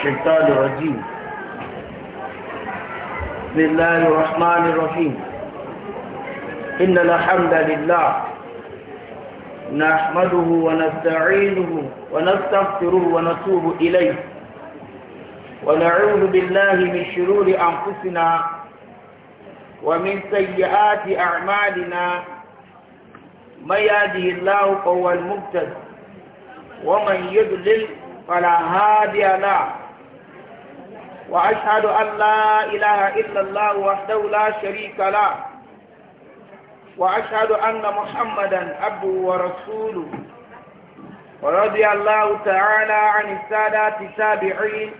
الشيطان الرجيم بسم الله الرحمن الرحيم إن الحمد لله نحمده ونستعينه ونستغفره ونتوب إليه ونعوذ بالله من شرور أنفسنا ومن سيئات أعمالنا من يهده الله فهو المبتد ومن يضلل فلا هادي له وأشهد أن لا إله إلا الله وحده لا شريك له وأشهد أن محمدا عبده ورسوله ورضي الله تعالى عن السادات التابعين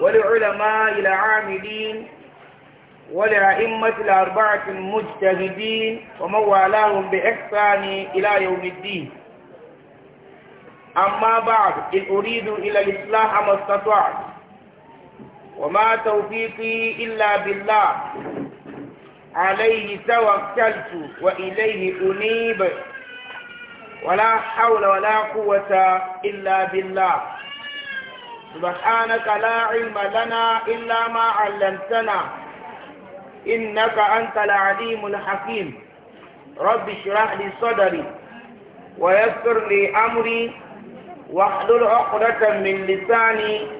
ولعلماء العاملين ولأئمة الأربعة المجتهدين ومن والاهم بإحسان إلى يوم الدين أما بعد إن أريد إلى الإصلاح ما استطعت وما توفيقي إلا بالله عليه توكلت وإليه أنيب ولا حول ولا قوة إلا بالله سبحانك لا علم لنا إلا ما علمتنا إنك أنت العليم الحكيم رب اشرح لي صدري ويسر لي أمري واحلل عقدة من لساني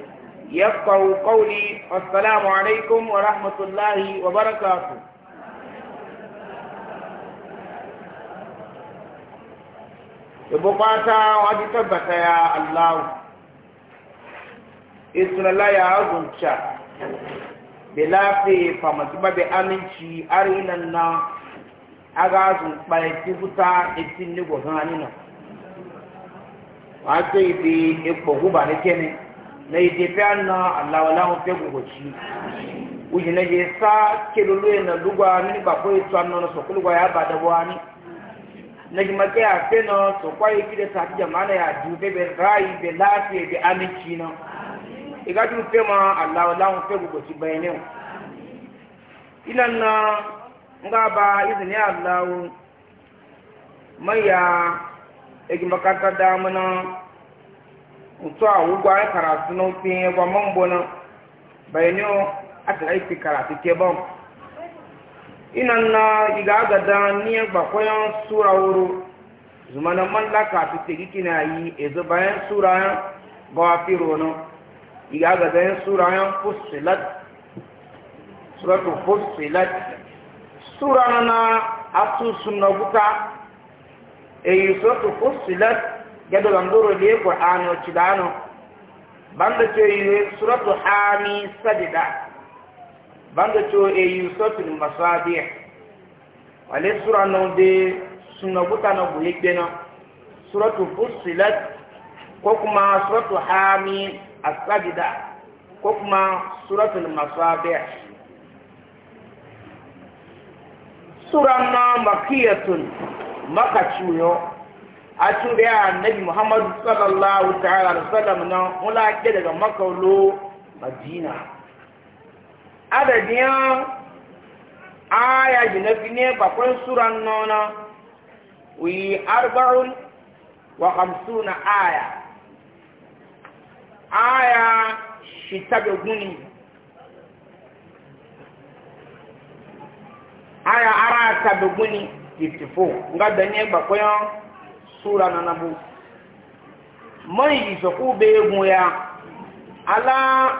يفقه قولي والسلام عليكم ورحمة الله وبركاته bukata wajen tabbata ya Allah isra ya agunca da lafi famatuba da aminci arinan na agazun kparaki futa itin nigogon hannun wace ibi ikpo guba da kenan na itepe anna alawala ofe gugoci uji na je sa kelulu na lugwa mini gbagbo etu anọ na sokulugwa ya ba dabo ani na ji make ya fe na sokwa yi gida sa ki jama na ya ju bebe rayi be lafiya be amici na igaju fe ma alawala ofe gugoci bayanin ilan na nga ba izini allahu maya egi makarta damuna ntụ a wụgwọ anyị kara asụ na mfe ihe gwa mọ mgbọ na bayanyo atara ife kara fike bọm ina na iga agada ni gbakwayan sura wuru zuma na mallaka fike giki na yi ezo bayan sura ya gawafiro na iga agada yan sura ya fusilat suratu fusilat sura na asusun na guta eyi suratu fusilat gado bandoro da ya ƙur'ano cidano banda ce yi suratu hami sadida banda ce yi suratul masabi wale sura nan de suna buta na buye kenan suratu fusilat ko kuma suratu hami asadida ko kuma suratul masabi sura na makiyatun makaciyo a da ya annabi muhammad sallallahu ta'ala alaihi wasallam nan mula ke daga makaulo madina ya aya jinafi ne bakwai suran nona wi arba'un wa hamsuna aya aya shi da guni aya ara ta guni 54 ga da ne bakwai sura na nabu mai isoku be egun ya ala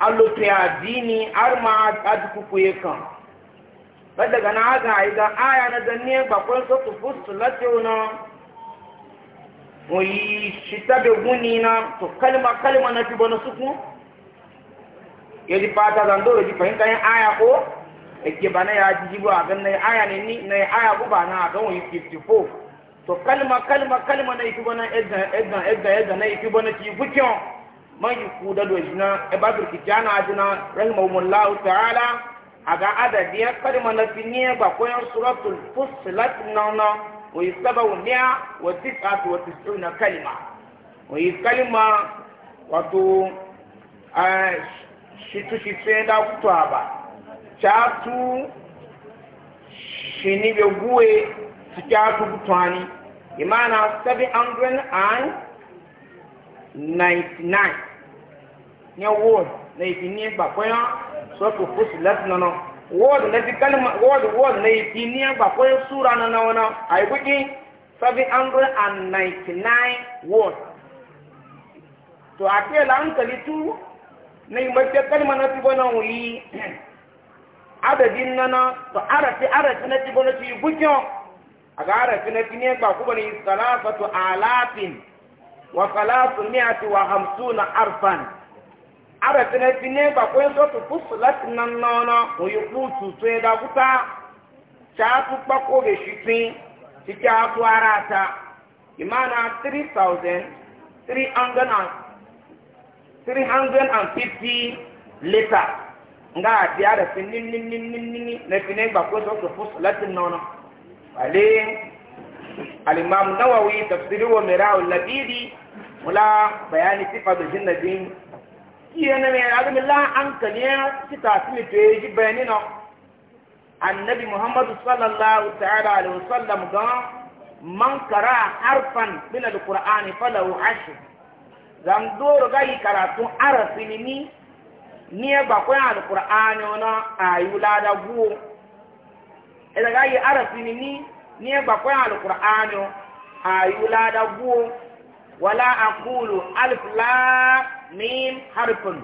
alope adini arma adukuku ya kan bada gana aga aiga aya na danne bakwai so tu fustu lati ona oyi shita be guni na to kalma kalma na ti bono suku yadi pata zandoro di fahimta yin aya ko ake e bana ya jijibu a ganin aya ne ni na aya ko ba na a oyi 54 to kalma kalma kalma na ifi bana edda edda edda edda na ifi bana ti bukyo man yi kuda do jina e babir ki jana ajina rahimahumullahu ta'ala aga adadi ya kalma na tinye ba ko yan suratul fussilat nana wa yasabu mi'a wa tis'atu wa tis'una kalma wa kalma wato a shitu shitu da kutwa ba chatu shini be guwe 2020 imana 799 nye word na itini gbakwaya sotu fusilat nana word na fi kalma word word na itini gbakwaya sura nana wana aigwiki 799 word to akela nkali tu na imace kalima na fi gwana wuyi adadin nana to arafi arafi na ci gwana ci gwikin a ga harafin fine ba kuma ne salafatu alafin wa salatu miyati wa hamsuna arfan harafin fine ba kuma so su fusulat nan nono ko yi kutu to ya dakuta ta fi kpako da shi tun cikin hatu ta imana 350 lita nga a biya da fi nini nini nini na fi ne gbakwe nono wale al-imam nawawi tafsiri wa mira'ul labidi mula bayani sifa da jinnadin kiyana mai alamin la an kaniya kita simi to yi bayani na annabi muhammadu sallallahu ta'ala alaihi wasallam ga man kara harfan min al-qur'ani falahu ashr zan doro ga yi karatu arasini ni ni ba ko al ona ayula da guwo ẹ̀dàgá yìí arasi ni ní ní ẹgbàkọ́ e alukur'ani ayúládàgbò wàlá àkúlù aliflámin harpun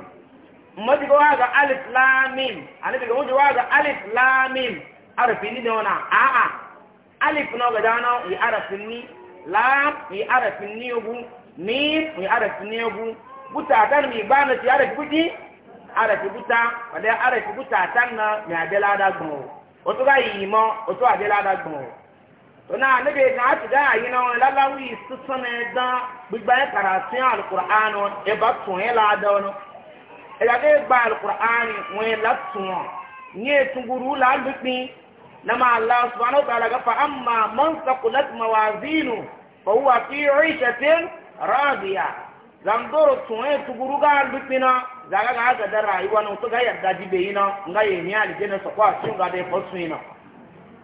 mọ́tìkọ́ wá ga aliflámin àníbìkọ́ mọ́tìkọ́ wá ga aliflámin arasi ni dọ́nà àà alif náà ga dáná yìí arasi lam yìí ni ogun min yìí arasi ogun buta mi ba ti arasi buti arasi buta wàlẹ́ arasi buta tan mi otu ga yi mo otu a jela da gbon to na ne be na a da yi na la la wi su so ne da gbigba e kara sin alquran e ba tun e la da wono e ga ke gba alquran won la tun nye tunguru la lupi na ma allah subhanahu wa ta'ala ga fa amma man saqulat mawazinu fa huwa fi 'ishatin radiya zandoro tun e tunguru ga lupi na zaga ga aka da rayuwa na to ga yarda ji be yina nga ye ni ali jene so kwa sun ga de fosu yina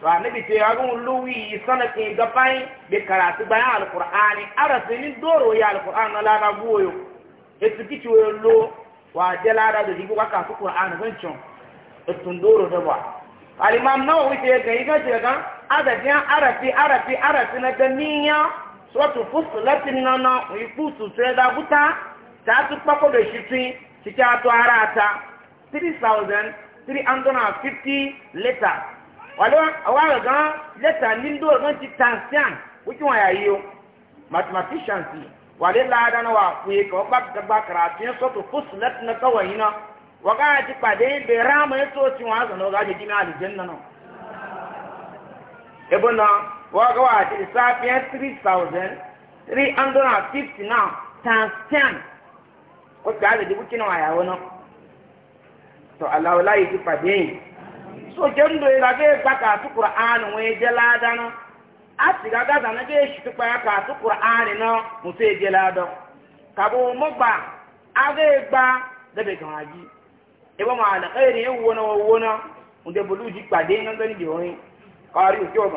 to annabi te ya gun luwi sana ke ga pai be karatu bayan alqur'ani ni doro ya alqur'an la ga goyo e tiki ci wo lo wa de la da di ko ka su qur'an ban chon e tun doro da ba al imam nawawi te ga ga ce ga adadin arafi arafi arafi na niya ganiya suratul fusilatin nana ipusu sai da buta ta su kpakodo shi tun cikin to harata 3,350 leta wàlúwà gan leta níndó gan ti tansian wíkí wọn yàyí o mathematicians wàlé ládàá wà fúye kà wọ́n gbàgbà karatu yẹn sọ́tò fóṣù lẹ́tì náà kọ́wọ̀ yìí náà wọ́n gáà ti pàdé bẹ̀rẹ̀ àmọ́ yẹn tó ti wọn àgbà náà wọ́n gáà jẹ́ àlùjẹ́ nínú. ebo náà wọ́n gáà ti sáfíà 3,350 náà tansian ó gbà á dìbò kí náà àyàwó náà tó aláwo láyé ti pàdé yìí so jẹ́ ń do ìlà bẹ́ẹ̀ a kàtó kura wọn jẹ́ a sì ga gáza náà bẹ́ẹ̀ sì pípa ya kàtó náà mo fẹ́ jẹ́ láàdọ́ kàbọ̀ mo gbà á gbà kàn jí àná wọnà wọnà bolú pàdé níbi òkè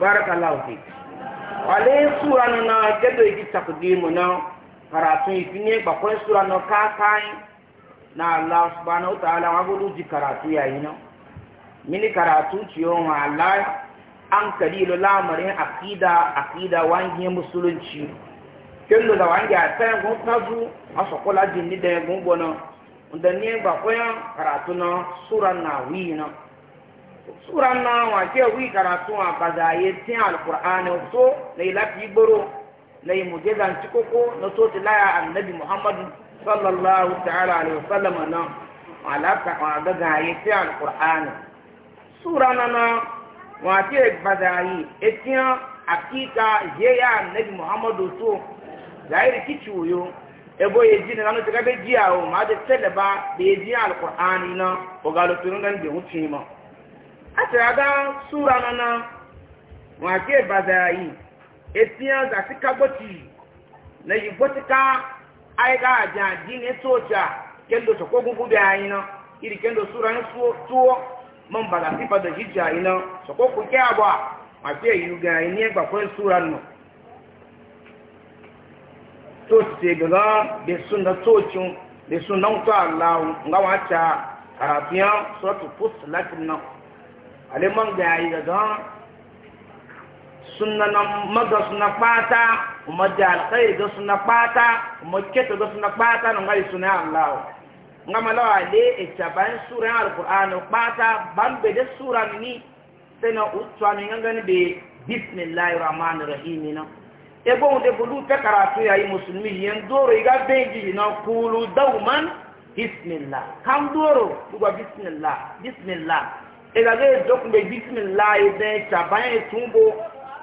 barakallahu fi wale sura no na gedo iki takdimu na karatu ifine ba ko sura no ka kai na Allah subhanahu wa ta'ala wa gudu ji karatu yayi na mini karatu ciyo ma Allah an kadilo lamarin akida akida wangi musulunci kendo da wangi a tsayin kun tazu a sokola jinni da ya gungona da ne ba koyan karatu na sura na wi na sura na wa ke wi karatu a kaza ye tin alqur'ani so lai lafi boro lai mujizan cikoko na so ti laya annabi muhammadu sallallahu ta'ala alaihi wasallam na alaka wa daga ye tin alqur'ani sura na na wa ke kaza yi etin akika ye ya annabi muhammadu so zahiri ebo ye jini nanu ti ka be jiya o oh, ma de tele ba be jiya alqur'ani na o ga lo tunun dan be hutima uh. achọrọ aga sura nana nwake bazara yi etinye zasi kagbochi na yigbotika anyị ga aja adị n'etu oche a kendo chọkwa dị anyị na iri kendo sura na ma mbaga sifa da hijja anyị nọ chọkwa okwu abụọ nwake yi ga anyị nye gbakwe sura nọ tụọchite gaga besu na tụọchụ besu na ntọ ala nga nwacha latin aliman da yayi ga na sunnanan maga suna fata kuma da alkhairi ga suna fata kuma keta ga suna fata nan gai suna Allah nga malawa le e taban sura alquran fata ban be da sura ni sai na utwa ni ngani be bismillahir rahmanir rahim na e bon de bulu ta karatu yayi musulmi yan doro iga beji na kulu dauman bismillah kam doro buga bismillah bismillah ìgbàgbé ìdókùnbé bísímìlá ìdẹ́ ìjàbáyé túnbó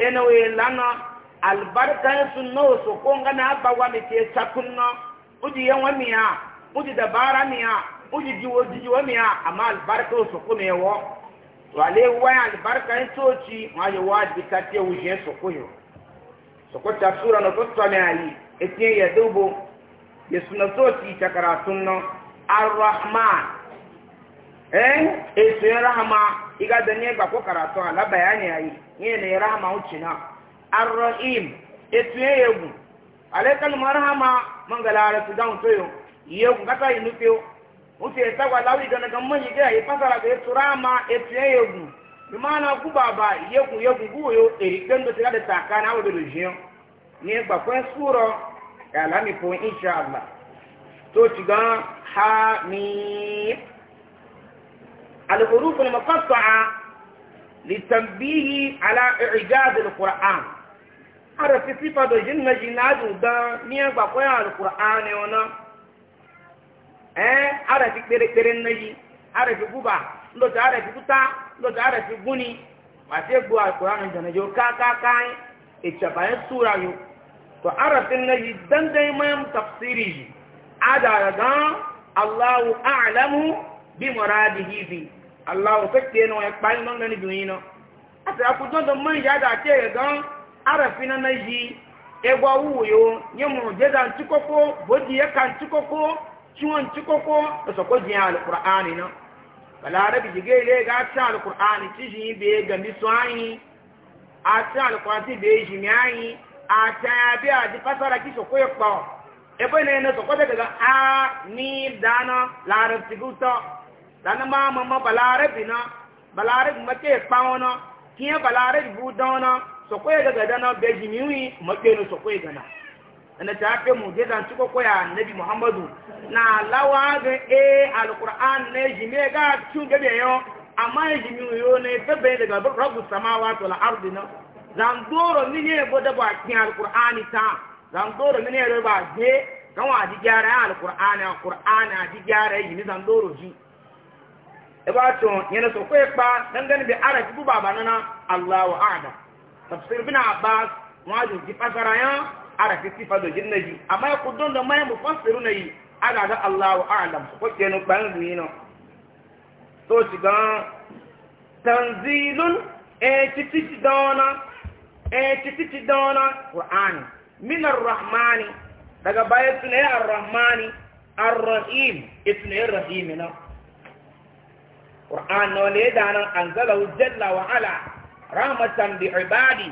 ẹnu ìlànà àlùbáríkà ẹ̀sùn náà sòkó ń gánà àbáwá mi tiẹ̀ sakun náà ó ti yẹ miya mìíràn ó ti dàbára mìíràn ó ti diwọ jíjí wọn mìíràn àmọ́ àlùbáríkà sòkó mi wọ́ wàlẹ́ wáyà àlùbáríkà ẹ̀sùn òtí ta eh esu rahama iga da ne ba ko karatu ala bayani yayi ne ne rahama arụrụ arrahim etu ya egwu ala yegu alaikal marhama mangala ala su dan toyo yegu kata inupio uti etagwa lawi dana gamma yige ayi pasara ga etu rahama etu ya egwu yegu bimana ku egwu ya egwu guyo erikendo tiga da takana wa belojio ne ba ko suro ya lami po insha Allah to tiga ha mi الحروف المقطعة للتنبيه على إعجاز القرآن عرفت صفة جنة جنات ودا مين بقوي القرآن هنا eh arafi kperekpere nnayi arafi guba ndote arafi kuta ndote arafi guni masu egbu alkurani da na yau kakakai ichabayin sura yau to arafin nayi dandai mayan tafsiri adaragan allahu a'lamu bi muradihi bi aláwọ̀ fẹ́kẹ́ náà ẹ̀pá iná lẹ́nu ìdùn yìí náà àti àkójọ́ tó mọ́ ìyáda àti ẹ̀rẹ̀ gan àràfi náà yí ẹgbà wúwo yòó yẹ mọ̀ jẹ́dà ntí kókó bòdì ẹ̀ka ntí kókó tí wọ́n ntí kókó lọ́sọ̀kọ́ jìn alukur'ani náà balaara bi jige ile ga ti alukur'ani ti yin be gambi so anyi ati alukur'ani ti be jimi anyi ati abi adi fasara ki soko ye kpɔ ebe ne ne soko de gaga a ni dana laara ti gutɔ dana mama ma balare bina balare make pawona kiya balare budona so koye daga dana beji miwi make no so sokoe gana ana ta pe mu je dan koya annabi muhammadu Naa lawa ga e alquran ne jime ga tun gabe ama amma e jimi yo ne tabe daga rabbu samawati wal ardi na zan doro ni ne boda ba kin alqurani ta zan doro ni ne ba je kan wa di gyara alqurani alqurani di gyara yi e ni zan doro ji ibato yana so kwe kpa dan gani bi arafi bu baba nana Allahu a'lam tafsir bin Abbas wajin ki fasara ya arafi sifa do jinnaji amma ku don da mai mu fasiru nayi aga ga Allahu a'lam ko ke no ban ni no so ti ga tanzilun e titi dona e titi dona qur'an min ar-rahmani daga bayatun e ya ar-rahmani ar-rahim itne e rahimina Qur'an no le da nan anzalahu jalla wa ala rahmatan bi ibadi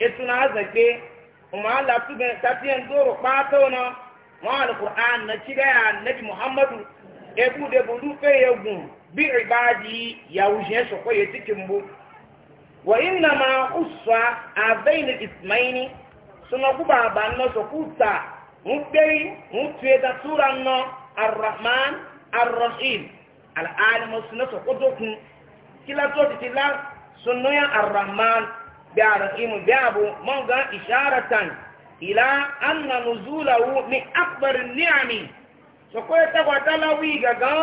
ituna zake kuma la tu be tafiyan doro pato na wa alquran na ciga ya nabi muhammadu e bu de bu lu fe yegun bi ibadi ya wuje so ko ye tikimbu wa inna ma ussa abain alismain suna ku baba no so kuta mu be mu tueta sura no arrahman arrahim al'alimu suna su kudukun kila so ti la sunuyan arrahman bi arhimu bi abu man ga isharatan ila anna nuzulahu min akbar ni'ami so ko ta kwa tala wi ga ga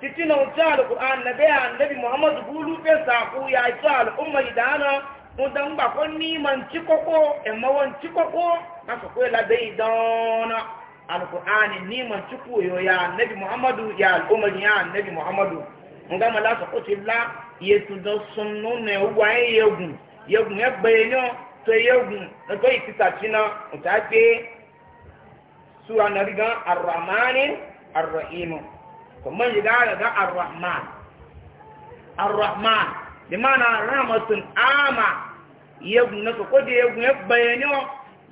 titina uta alquran nabi annabi muhammad bulu pe sa ku ya ta umma idana mudan ba ko ni man cikoko e mawon cikoko na so ko la dai dona alkur'ani niman cuku yo ya nabi muhammadu ya al'umar ya nabi muhammadu mun gama la so kuti la yetu do sunnu ne wa yegun yegun e gbe ni to yegun na to ikita china o ta pe sura na riga ar-rahman ar-rahim ko man yiga ga ar-rahman ar-rahman bi mana rahmatun ama yegun na ko de yegun e gbe ni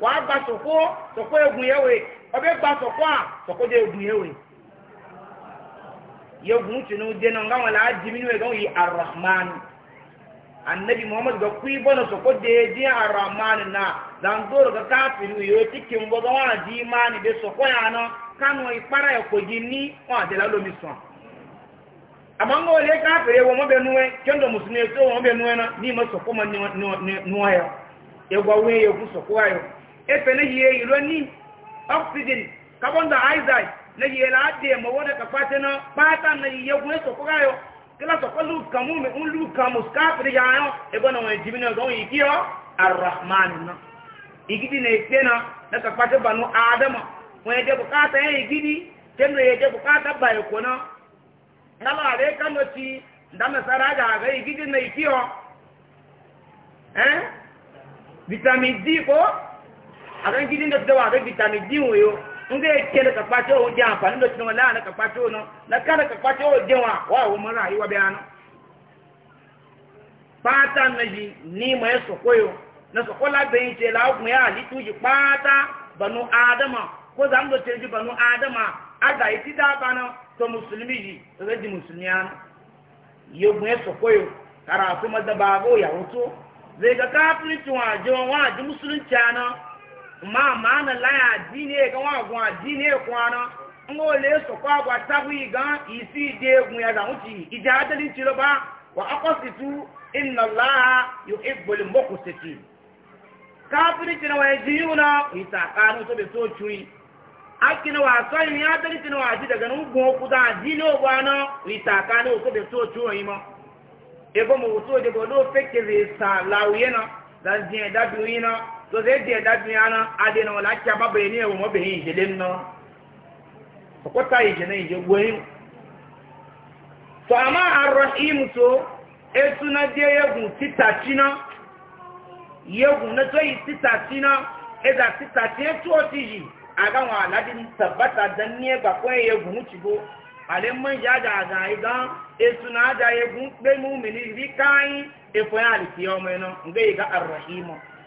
wàá gba sọ̀kọ́ sọ̀kọ́ egun yẹn wẹ̀ ọbẹ̀ gba sọ̀kọ́ à sọ̀kọ́ dé egun yẹn wẹ̀ yegun tunu dena nga wọn laa jimi ni wẹ̀ gan yi arahman anabi muhammadu ka kui bọ́nà sọ̀kọ́ déédé arahman na zandoro ka káfíìn wẹ̀ o ti kí n bọ́ gan wọn àdí imáni bẹ sọ̀kọ́ yà ánà kánú ìkpara ẹ̀kọ́jì ní wọn sàn àmọ́ ń wọlé káfíìn wọn kẹ́ńdọ̀ mùsùlùmí ẹ̀ tó wọn bẹ náà ní ìmọ̀ egwu awon eyi sọ̀kọ́ ayọ̀ efe na yiye uranium oxygen carbon dioxide na yiye láti ẹ̀mọ̀ wọ́n dẹ̀ka pàtẹ́ na pátá na yiye ogun ẹ̀sọ̀ kó gáyọ kílásọ̀ kó lù kàmú mi ń lù kàmú skáàpù ní yàrá yọ ẹgbọ́n náà wọ́n jìbìnà na na ìpé na ka ti na ìkí ọ́ vitamin d agan gidin da dawa ga vitamin D wo nga yake ka kakwace o je amfani da cikin wallahi na kakwace o no na ka kakwace o je wa wa o mun rayuwa bayano pata na ji ni ma ya sokoyo na sokola bayin ce la ku ya ali ji pata banu adama ko zan do ce ji banu adama aga yi da bana to musulmi ji to ji musulmi an yo mu ya sokoyo kara su ma da bago ya wuto zai ga kafin tuwa je wa ji musulunci ana ma maana laya adini ega wa gwa adini ekwana ngo le sokwa gwa tabu iga isi de gun ya zawuti ija adali tiro ba wa aqsitu inna allaha yuhibbul muqsitin kafiri tina wa e yuna itakanu to be so chui akina wa so ni adali tina wa ji daga nugun ku da adini ogwana itakanu to be so chui mo ebo mo so de bo lo fekere sa lawiyena dan je da e duina so zai je da adi na adina wala kya ba bai ne wa mabayin jilin na so ko ta yi jinin je goyin to amma arrahim to e suna je yagun titaci na yagun na to yi titaci na e da titaci e to ti yi aga wa aladin tabbata dan ne ba ko yagun ci go ale man ja da ga iga e suna da yagun pe mu mini ri kai e fo ya ali ti o mo na nge ga arrahim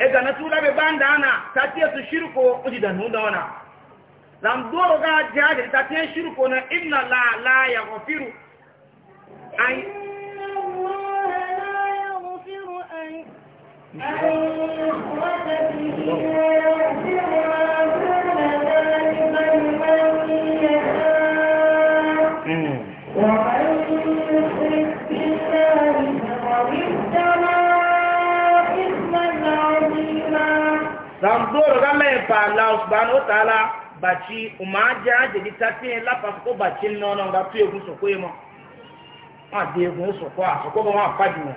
ega na tula be banda na tatia su shirko uji da nuna wana lamdoro ga jaje tatia shirko na inna la la ya ghafiru ay zandoro gala ga ba Allah subhanahu wa ta'ala baci umaje aje la pasoko ga tu de ba pa jina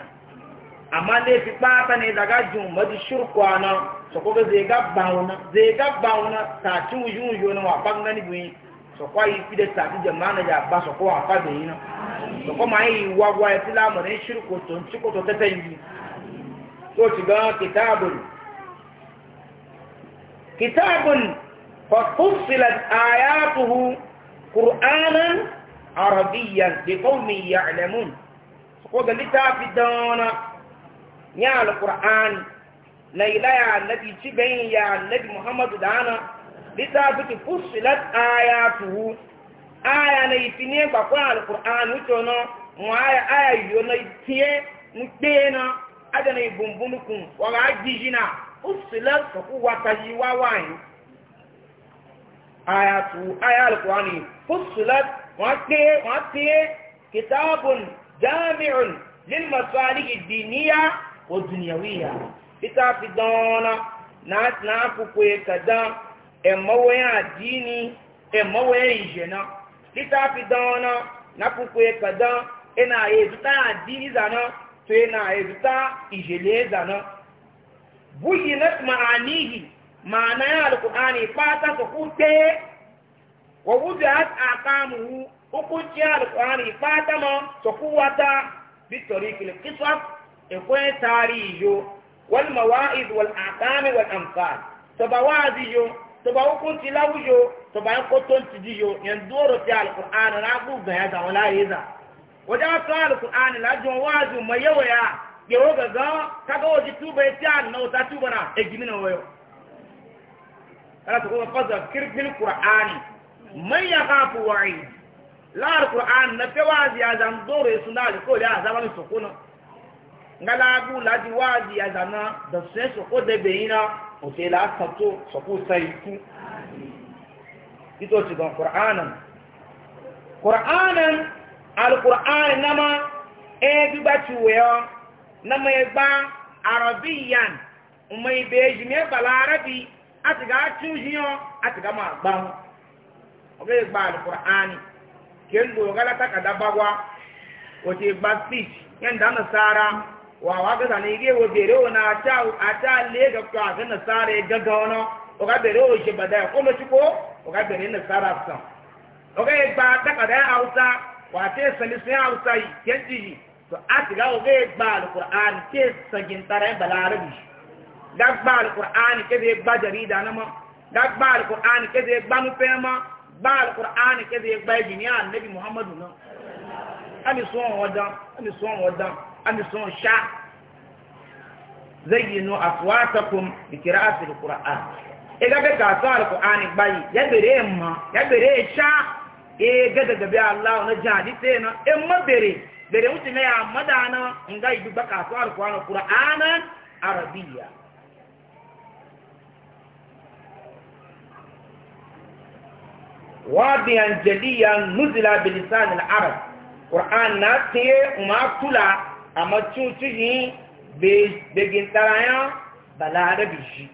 amma fi pa ne daga di ana soko ga ze ga bauna ze ga bauna ta ci uju uju no wa pa ngani bi soko yi fi de soko wa pa de كتاب ففصلت آياته قرآنا عربيا لقوم يعلمون سقوط لتافي دانا يا القرآن ليلة يا النبي تبين يا النبي محمد دانا لتافي فصلت آياته آية na itinye القرآن alkur'an ucho آية mu aya aya yo na itinye mpe usilat kuwata yi wawayin ayatu ayalkurani fusilat wọ́n tiye kitabun jami'un lil masalihi diniya wa duniyawiya littafi dana na na kukwe kadan emawoyin addini emawoyin ijena littafi dana na kukwe kadan ina ezuta addini zana to ina ezuta ijele zana بينت معانيه معنى القرآن فاتا سقوطه ووجهت أحكامه وقجع القرآن فاتا ما سقوطه بطريق القصص إخوة تاريجو والمواعظ والأحكام والأمثال تبوازيجو تبوكون تلاوجو تبوكون تديجو يندور في القرآن راقوب بهذا ولا يزا وجاء القرآن لا جواز ما يويا yewo gaga kaga waje tuba ya tiya na wata tuba na e gimina wayo kana ta kuma fazza kirfin qur'ani man ya gafu wa'i la alquran na fe wazi ya zan dore suna ko da zaman su kuna ngala bu la di wazi ya zana da sai su ko da beina o te la sato so ku sai ku ito ci ga qur'anan qur'anan alquran nama e bi ba ci wayo na mai gba arabiyan mai beji mai balarabi a ti ga cin shi yau a ti ga ma gban oge gba alkur'ani ke n dogara takada bagwa wace gba speech yadda nasara wa wa gaza ne ge wo o na ta a ta ga kwa ga nasara ya e gaga wono o bere o shi bada ko chukwu chiko o ga bere nasara san o ga gba takada hausa wa te salisin hausa yanji to a ti gawo zai gba alkur'ani ke sagintara yin balarabi ga gba alkur'ani ke zai gba jarida na ma ga gba alkur'ani ke zai gba nufe ma gba alkur'ani ke zai gba jiniya annabi muhammadu na ami son wadan ami son wadan ami son sha zayyinu aswatakum bi qira'ati alqur'an ega be ka sa alqur'ani bayi ya bere ma ya bere sha e ga daga bi allah na jadi tena e ma bere bere wuce na ya madana in ga yi baka su alkuwanin ƙura'anan arabiya wabiyan jaliya nuzila bilisanin arab ƙura'an na tiye umartula a macuciyi begin tsarayen balarabi shi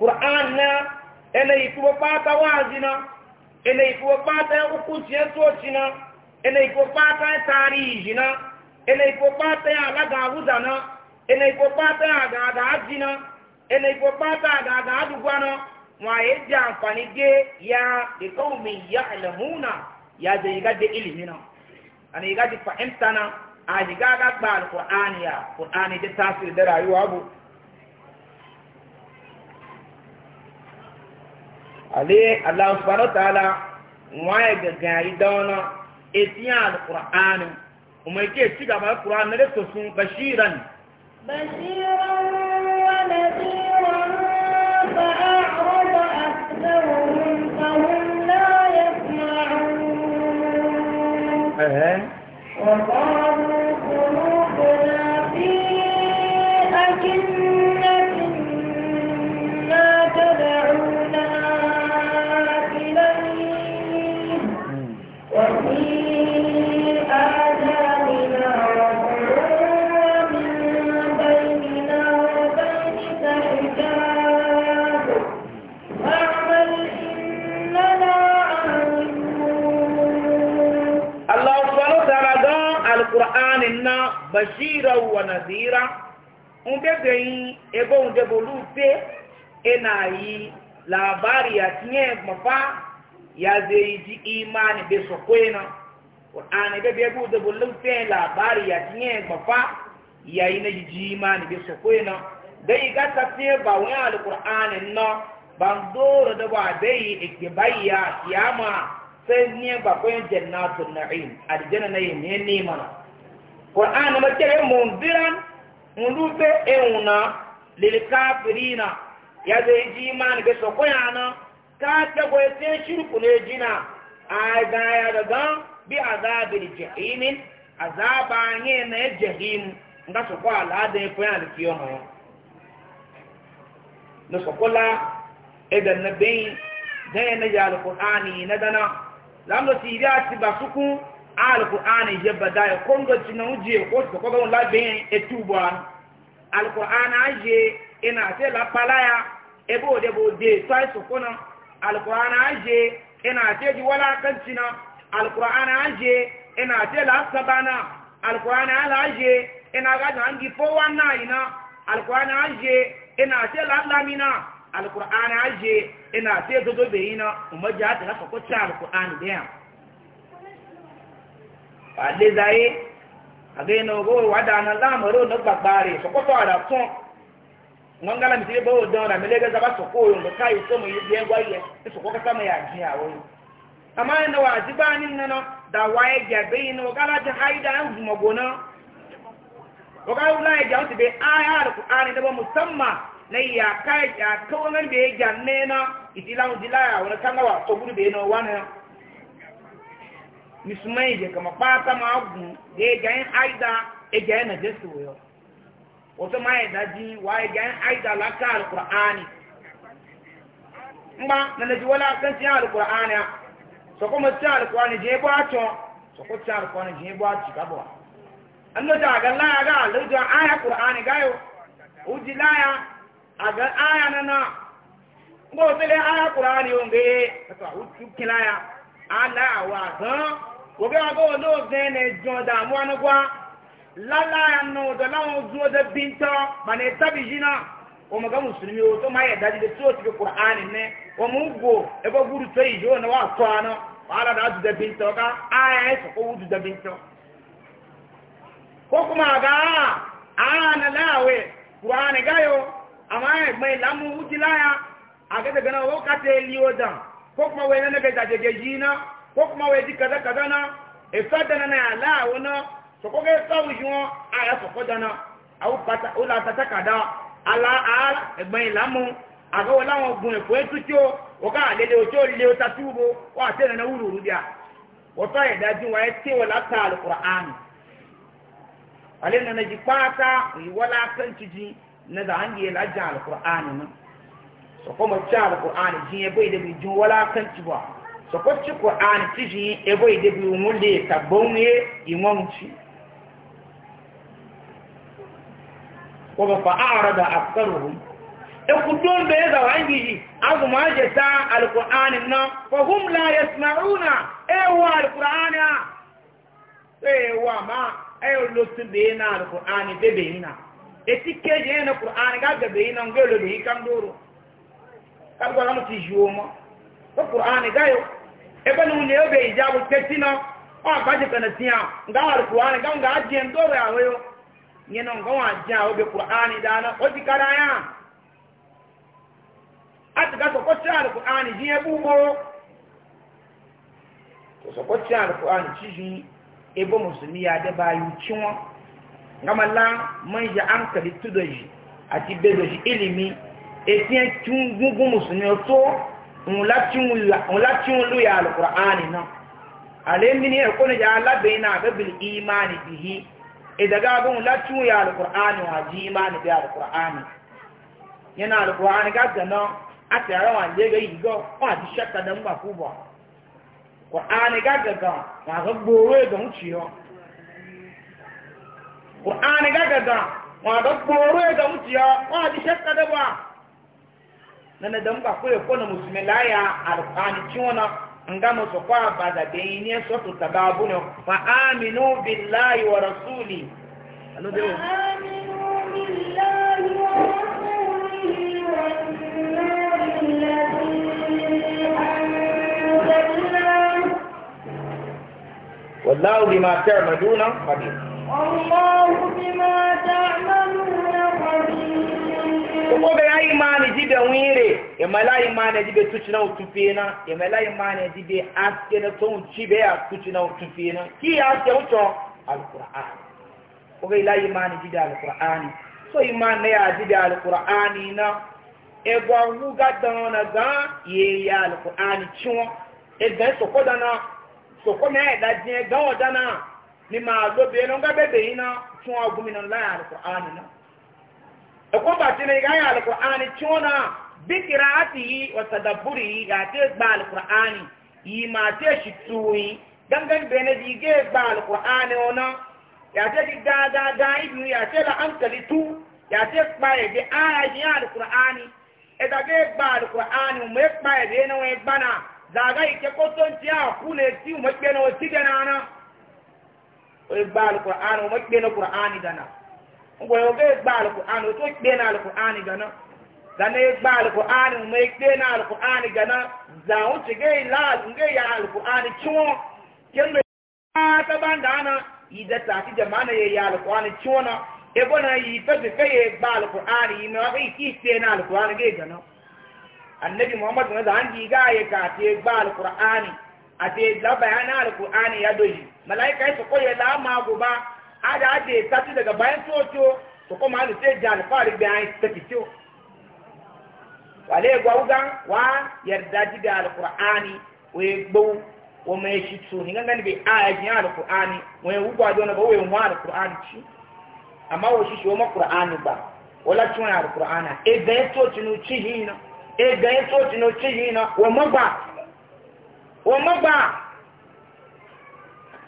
ƙura'an na yanayi kuma fata wa'azi na yanayi kuma fata ya ene ikopata e tarihi na ene ikopata e alaga awuza na ene ikopata e agada aji na ene ikopata agada adugwa na wa eji amfani ya ikomi ya alamuna ya je de ilimi na ana iga de na a shiga ga gba alqur'ani ya de tasiri da rayuwa bu ale allah subhanahu wa ta'ala wa etiyan alƙur'anin kuma yake ci gaba alƙur'an na da bashiran bashiran wa nadira mafa ya zai ji imani bai so kwena ƙur'ani bai bai gudu labari ya ya yi na ji imani bai so kwena dai ga tafiye ba wani na ban da ba bai ikibayya kiyama sai ba na'im aljanna na yi ne ne mana ƙur'ani ma kere mundiran ka dago ya sai shirku ne jina a gaya daga bi azabin jahimin azaba ne na jahim nga su kwa al'ada ya kuya da kiyon hanyar na su kula idan e na bayi zai na ji alkur'ani na dana lamda su yi ya ci ba suku alkur'ani ya bada ya kongaci na wuje ko su kwa gawon labayin etubuwa alkur'ani aje ina e sai ya ebe ode bo de tsaye su kuna alkur'ana aje ina ce ji walakanci na alkur'ana aje ina ce lasaba na alkur'ana ala aje ina gajin hangi fowa na ina alkur'ana aje ina ce lalami na alkur'ana aje ina ce zozo bayi na umarji hata na kwakwace alkur'ani daya ba le zaye a gaina gowa da na zamaro na gbagbare kwakwato a da tun ngangala mtile bo don na melega za baso ko yo kai so mo yebye gwa ye so ko kasa ya ji awo ama enda wa nno da wae ja be ino kala o ya ja da musamma na ya kai ja be ja ne na itila udila ya wala kanga wa to buru be no wana je kama pata ma agu ja haida e ja wata ma'aidaji waye gyan aida laka alkur'ani mba na naji wala kan cin alkur'ani a so kuma cin alkur'ani je ba to so ko cin alkur'ani je ba ci gaba an no ta ga la ga aljo aya qur'ani gayo uji la ya aga aya na na mbo tele aya qur'ani onge ta uju kilaya ala wa gan wo ga go no jọ jonda na gwa. lalayan na da lawan zuwa da binta ba ne tabi jina o maga musulmi o to ma ya daji da so cikin qur'ani ne o mu go e ba guru to ijo na wa to ana ala da azu da binta ka aya e so ko wudu da binta ko kuma ga ana lawe qur'ani ga yo amma e mai lamu wuti laya aga daga na wakati liyo dan ko kuma wai na ga je jina ko kuma wai dikada na e fadana na ala wona sọ̀kọ́ kẹ́ sáwù ju wọn àyà sọ̀kọ́ dáná àwọn pata ó ala àgọ́wọ́ láwọn ogun ẹ̀kọ́ ètú tí ó ọ̀ká àlele òjò o ta túbò ó àti ẹ̀rẹ̀ náà wúlò rúbíà wọ́tọ́ ẹ̀dájú wa ẹ tí wọ́n la àlùkùrọ̀ àánú. alẹ́ nana jí pátá ìwọ́lá pẹ́ntìjì an yi lajin alkur'ani nan kuma fa'ara da aksaruhum ikudun da ya zawa ngiji agu ma je ta alqur'anin na fa hum la yasma'una ewa alqur'ana ewa ma ayo lotin be na alqur'ani be be ina etike je na qur'ani ga ga be ina ngelo be kan doro kan ga mu gayo. joma ko qur'ani ga yo e ba nu ne be ijabu tetina o ba je kana tiya ga alqur'ani ga ga je ndoro ayo nyina ngawa jan obe qur'ani dana o ti kara ya ati ga soko ti al ji e bubo to soko al qur'ani musulmi ya de ba yu chi won ngama ati be ilimi e ti en musulmi o to on la al kur'ani na ale mini na idaga gun latu ya alqur'ani wa ji imani da alqur'ani yana alqur'ani ga gano atara wa je ga yigo wa ji shakka dan ba ku ba qur'ani ga gaga e ga gboro ga unci yo qur'ani ga gaga e ga gboro ga unci yo wa ji shakka da ba nana dan ba ku e ko na musulmi la ya alqur'ani ciwona ngamo to kwa baza so to sababu tababuno fa aminu billahi wa rasuli alo de والله بما تعملون خبير والله بما تعملون kuma ga yayi mani ji da wire ya malai mani ji be tucina utufina ya malai mani ji be aske na tun ci be a tucina utufina ki ya ke wuto alquran ko ga yayi mani ji da alquran so iman ne ya ji da alquran na e gwa wuga dan na ga ye ya alquran ciwo e ga so ko dana so ko na da je ga odana ni ma lo be no ga bebe ina tun agumi na la alquran na ẹ̀kọ́ bàtí ní ìgáyà alìkùránì tí wọ́n náà bí kìrá àti yí ọ̀sàdàbúrì yìí àti ẹgbà alìkùránì yìí máa tí èṣì tù yìí gángan bẹ̀rẹ̀ yìí gé ẹgbà alìkùránì ọ̀nà yàtí ẹ̀dí dáadáa ìdùn yàtí ẹ̀dá àǹtẹ̀lì tú yàtí ẹ̀pà ẹ̀dí ààyè yìí alìkùránì ẹ̀dá gé ẹgbà alìkùránì ọmọ ẹ̀pà ẹ̀dí ẹ̀nà wọn ẹgbà náà zàgá ìkẹ́kọ̀ọ́ tó ń ti àkú lè tí ọmọ ẹgbẹ́ náà ó ti dẹ̀ náà náà ẹgbà alìkùránì ọmọ ẹgbẹ́ náà kùránì dáná. ngwayo ga gba alquran to kpe na alquran gana da ne gba alquran mai kpe na alquran gana za u ci ga la ga ya alquran ciwo kin da ta banda na ida ta ti jama'a ya ya alquran ciwo na e bona yi ta ga ya gba alquran yi ma ga ki kpe na alquran ga gana annabi muhammad na zan ji ga ya ka te gba alquran a te la bayana alquran ya doji malaika e su ya la ma go ada aje tatu daga bayan toto to kuma an sai jan fari bayan take to wale gwa uga wa yarda ji da alqur'ani we gbo o me shi tuwo. ni ngani be aya ji alqur'ani we ugwa dona ba we wa alqur'ani ci amma wo shi shi o ma qur'ani ba wala tun alqur'ana e ga to tinu ci hina e ga to tinu ci hina wo ma ba wo ma ba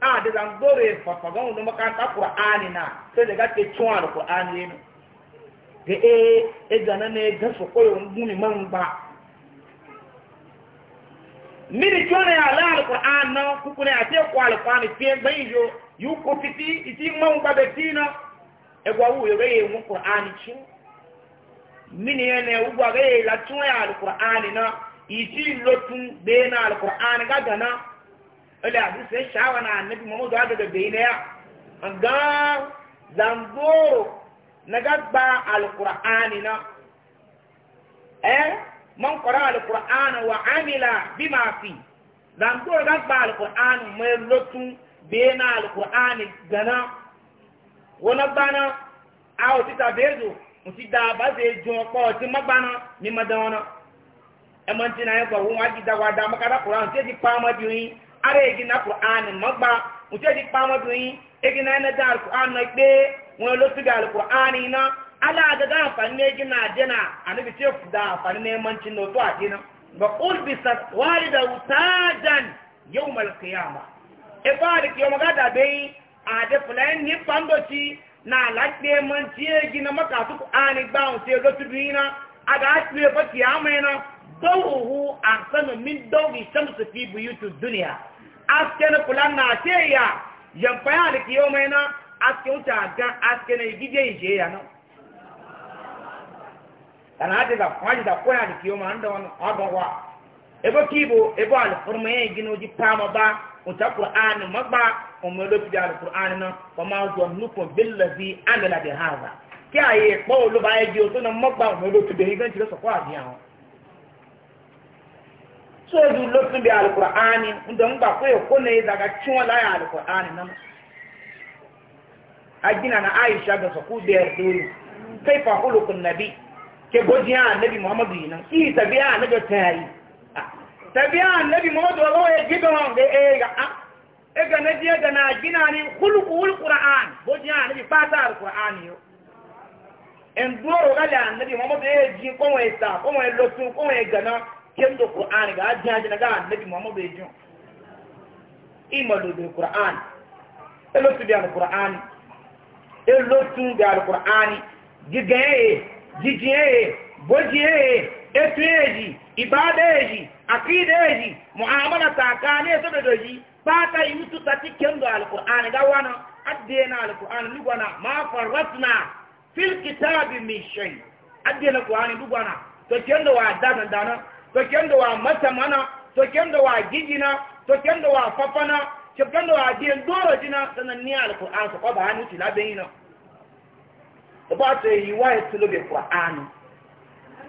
a da zan doro ya fafagan wani makaranta ƙur'ani na sai da gake tuwa da ƙur'ani ne ga e e gana ne ga su koyo gumi man ba mini kyone ya la alƙur'an na kuku ne a ce ku alƙwani fiye gbayi yo yi ko fiti iti man ba da tina e gwa wu yoga yi mun ƙur'ani ci mini ya ne wu gwa ga yi la tuwa ya alƙur'ani na iti lotun bena alƙur'ani ga gana ila hadisi ya shawa na annabi muhammadu haka da bai na ya an ga zamboro na gagba alkur'ani na eh man qara alkur'ana wa amila bima fi zamboro gagba alkur'ani mai lotu bai na alkur'ani gana wani bana a wata tabezo mutu da ba zai jin ọpọ ọtí magbana ni madan wana ẹmọ tí yẹn kọ wọn wá jí dagwada makara kuran tí ti pa ọmọdé yìí ara egi na qur'an magba muje di pama duyi egi na na dar qur'an na pe won lo tu gal qur'an na ala ga ga fan ne gi na jena anabi ce da fan ne man cin no to adina ba qul bi sat walida utajan yawm al qiyamah e ba ri yo maga da be a de plan ni pando ci na la pe man ci gi na maka tu qur'an ba on ce lo tu duyi na aga tu e ba qiyamah na dawuhu ahsanu min dawi shamsi fi buyuti dunya aske na fulan na ce ya yamfa ya aliki yau mai na aske wuce gan aske na igije ije ya nan kana haɗe da kwaji da kwaya aliki yau ma an da wani agbawa ebo kibo ebo alfurma ya gino ji fama ba wuta qur'ani magba umar lofi da alfur'ani na kuma zuwa nufin billazi amila da haza kiyaye kpawo lu ba ya ji otu na magba umar lofi da higanci da sakwa biya so ezu lotun bi alkur'ani ndo ngba ko e ko ne daga cin la ya alkur'ani nan na aisha ga so ku biyar dole kaifa hulukun nabi ke gojiya annabi muhammadu yi nan ki tabiya annabi tayi ah, tabiya annabi muhammadu wa ya gidon ga e ga a ah, e ga na je ga na gina ni hulukul alkur'an gojiya annabi fata alkur'ani yo en duro ga annabi muhammadu e ji ko wa isa e ko wa e lotun ko wa e gana kem do qur'an ga ajiya jina ga annabi muhammad be jin imanu do qur'an elo tu bi al qur'an elo tu bi al qur'an gigaye jijiye bojiye etuyeji ibadeji akideji muamala takane sobe doji bata yutu tati kem do al qur'an ga wana adena al qur'an lugwana ma farratna fil kitabi min shay adena qur'an lugwana to kendo wa dana dana to kendo wa masamana to kendo wa gijina to kendo wa fafana to kendo wa diyan doro jina sanan ni alquran ko ba hanu ti labe yina to ba to yi wa e to lobe qur'an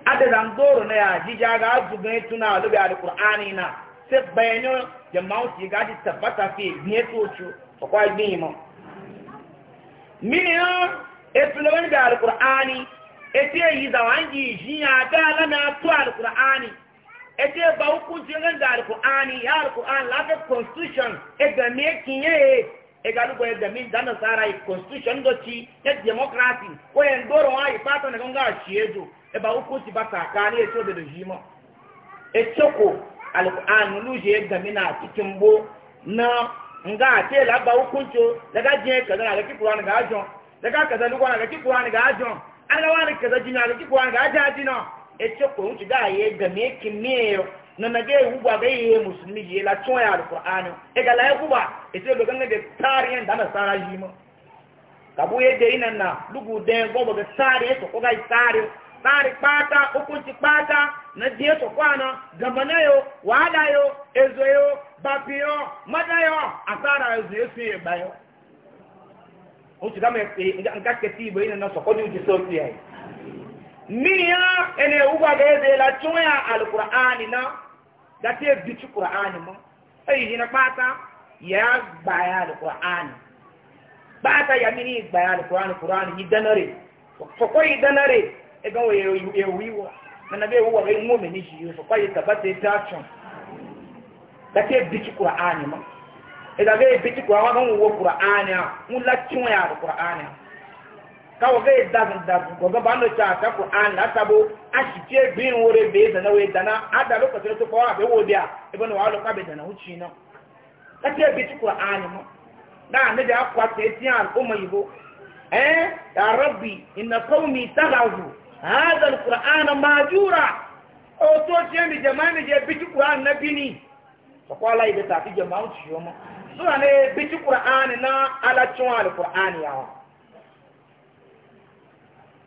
adadan doro na ya jija ga zugan tuna lobe alqur'ani na sai bayanin jama'u ti ga di tabbata fi ne to chu to kwa gbimo mini ha etulo ni da alqur'ani ete yi zawangi jinya da lana to alqur'ani ete ba hukunci yin da alkur'ani ya alkur'an lafi constitution egame kinye egalugo egame da danasara yi constitution doci ya democracy ko yin doron ipata na ganga shi ejo e ba e e na na nga la ba daga kaza na ga daga kaza lugwa na ga ga ji na ece ko wuce ga ye ga me kimiyo na nage wuba ga ye musulmi ye la tun ya alqur'ani e ga la ya kuba ece do ganga de tariyan da nasara yi ma kabu ye de ina na lugu de go ga tari to ko ga tari tari pata hukunci pata na di to kwana gamana yo wada yo ezo yo bapiyo madayo asara ezo yesu ye bayo wuce eh, ga me ga kati bo ina na ndị wuce so ya. E ya ene uba e ga eze la tunya alqur'ani na da anyị na ya gbaya anyị pata ya ya gbaya anyị na nabi wo wa ya me ni ji so ko yitabate tacho achọ te bitu qur'ani anyị e da ga bitu qur'ani anyị ga wo qur'ani ya anyị kawo ga yadda zan dabu gobe ba no ta ta tabo a shike bin wore be da nawe da na ada lokacin to be wa lokacin be da na na kace bi ci qur'an mu da ne da kwa te ti an yibo eh ya rabbi inna tagazu alquran majura o to mi je na bini to kwa la ida ta fi na ala